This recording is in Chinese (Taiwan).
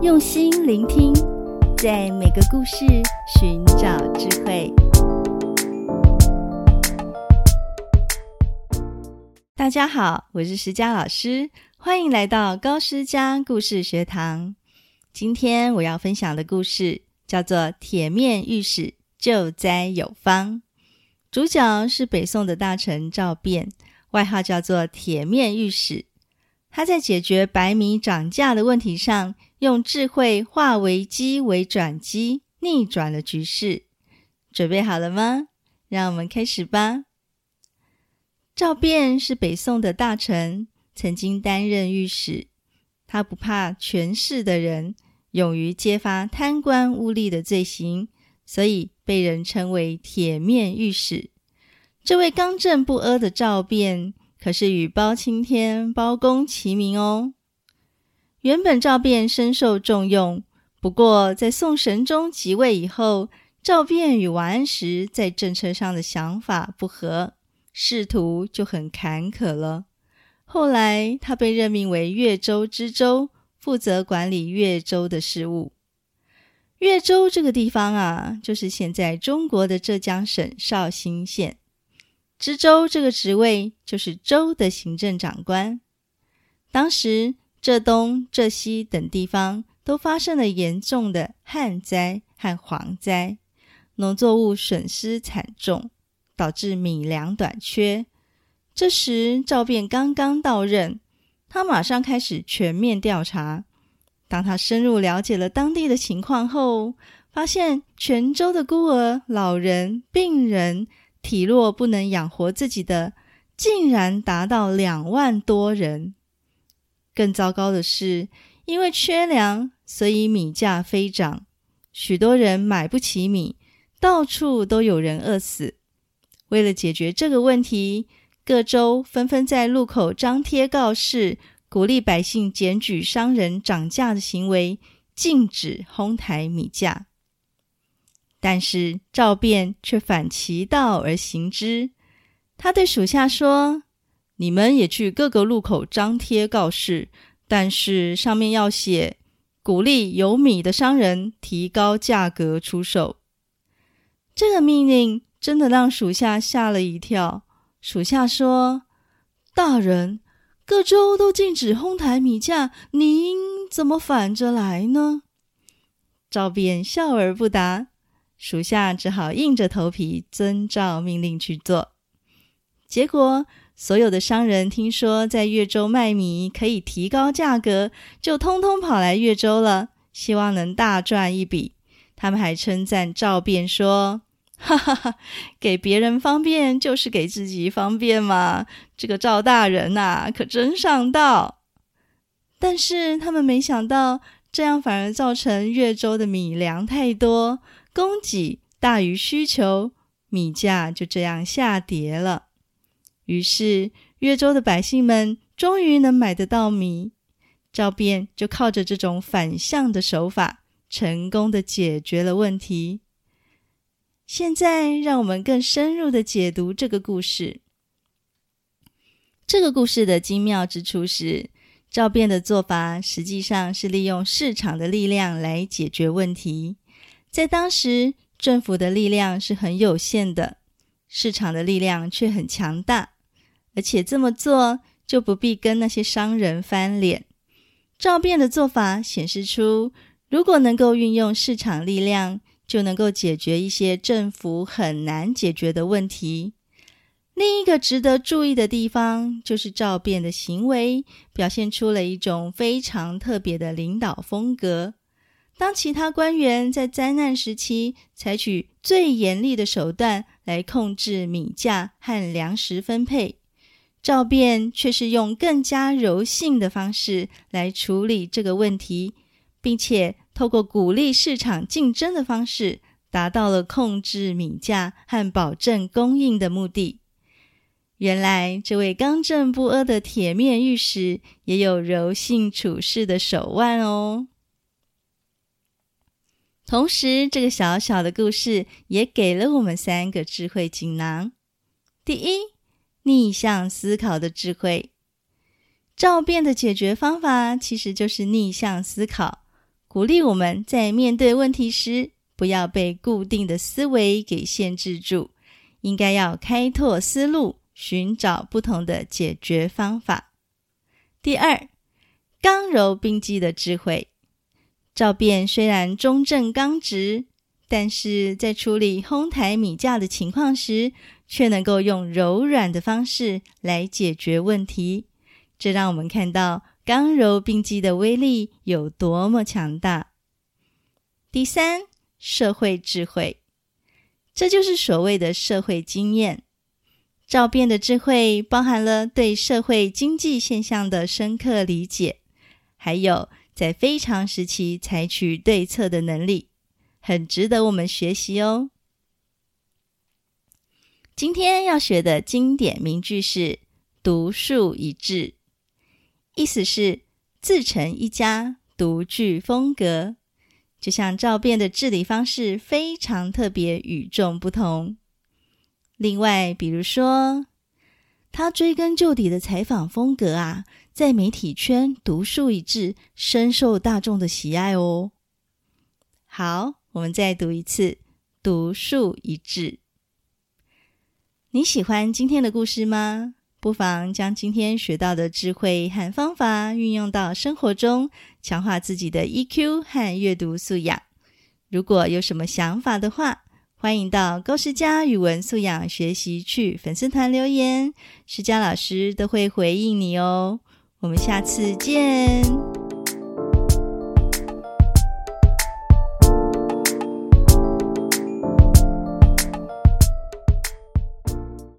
用心聆聽，在每個故事尋找智慧。大家好，我是詩佳老師，歡迎來到高詩佳故事學堂。今天我要分享的故事叫做《鐵面御史救災有方》，主角是北宋的大臣趙抃，外號叫做“鐵面御史”。他在解決白米漲價的問題上，用智慧化危機為轉機，逆轉了局勢。準備好了嗎？讓我們開始吧。趙抃是北宋的大臣，曾經擔任御史，他不怕權勢的人，勇於揭發貪官污吏的罪行，所以被人稱為“鐵面御史”。這位剛正不阿的趙抃。可是與包青天、包公齊名哦。原本趙抃深受重用，不過在宋神宗即位以後，趙抃與王安石在政策上的想法不合，仕途就很坎坷了。後來他被任命為越州知州，負責管理越州的事務。越州這個地方啊，就是現在中國的浙江省紹興縣。知州這個職位就是州的行政長官。當時，浙東、浙西等地方都發生了嚴重的旱災和蝗災，農作物損失慘重，導致米糧短缺。這時，趙抃剛剛到任，他馬上開始全面調查。當他深入了解了當地的情況後，發現泉州的孤兒、老人、病人，體弱不能養活自己的，竟然達到兩萬多人。更糟糕的是，因為缺糧，所以米價飛漲，許多人買不起米，到處都有人餓死。為了解決這個問題，各州紛紛在路口張貼告示，鼓勵百姓檢舉商人漲價的行為，禁止哄抬米價。但是趙抃卻反其道而行之，他對屬下說：“你們也去各個路口張貼告示，但是上面要寫鼓勵有米的商人提高價格出售。”這個命令真的讓屬下嚇了一跳。屬下說：“大人，各州都禁止哄抬米價，您怎麼反着來呢？”趙抃笑而不答。屬下只好硬着頭皮遵照命令去做，結果所有的商人聽說在越州賣米可以提高價格，就通通跑來越州了，希望能大賺一筆。他們還稱讚趙抃說：“哈哈哈哈，給別人方便就是給自己方便嘛，這個趙大人吶，可真上道。”但是他們沒想到，這樣反而造成越州的米糧太多。供給大於需求，米價就這樣下跌了。於是，越州的百姓們終於能買得到米。趙抃就靠着這種反向的手法，成功的解決了問題。現在，讓我們更深入的解讀這個故事。這個故事的精妙之處是，趙抃的做法實際上是利用市場的力量來解決問題。在當時，政府的力量是很有限的，市場的力量卻很強大，而且這麼做就不必跟那些商人翻臉。趙抃的做法顯示出，如果能夠運用市場力量，就能夠解決一些政府很難解決的問題。另一個值得注意的地方，就是趙抃的行為表現出了一種非常特別的領導風格。當其他官員在災難時期採取最嚴厲的手段來控制米價和糧食分配，趙抃卻是用更加柔性的方式來處理這個問題，並且透過鼓勵市場競爭的方式，達到了控制米價和保證供應的目的。原來，這位剛正不阿的鐵面御史也有柔性處事的手腕哦。同時，這個小小的故事也給了我們三個智慧錦囊：第一，逆向思考的智慧，趙抃的解決方法其實就是逆向思考，鼓勵我們在面對問題時，不要被固定的思維給限制住，應該要開拓思路，尋找不同的解決方法。第二，剛柔並濟的智慧。趙抃雖然中正剛直，但是在處理哄抬米價的情況時，卻能夠用柔軟的方式來解決問題。這讓我們看到剛柔並濟的威力有多麼強大。第三，社會智慧，這就是所謂的社會經驗。趙抃的智慧包含了對社會經濟現象的深刻理解，還有。在非常時期採取對策的能力，很值得我們學習哦。今天要學的經典名句是“獨樹一幟”，意思是自成一家，獨具風格。就像趙抃的治理方式非常特別、與眾不同。另外，比如說。他追根究底的採訪風格啊，在媒體圈獨樹一幟，深受大眾的喜愛哦。好，我們再讀一次“獨樹一幟”。你喜歡今天的故事嗎？不妨將今天學到的智慧和方法運用到生活中，強化自己的 EQ 和閱讀素養。如果有什麼想法的話，歡迎到高詩佳語文素養學習區，粉絲團留言，詩佳老師都會回應你哦。我們下次見。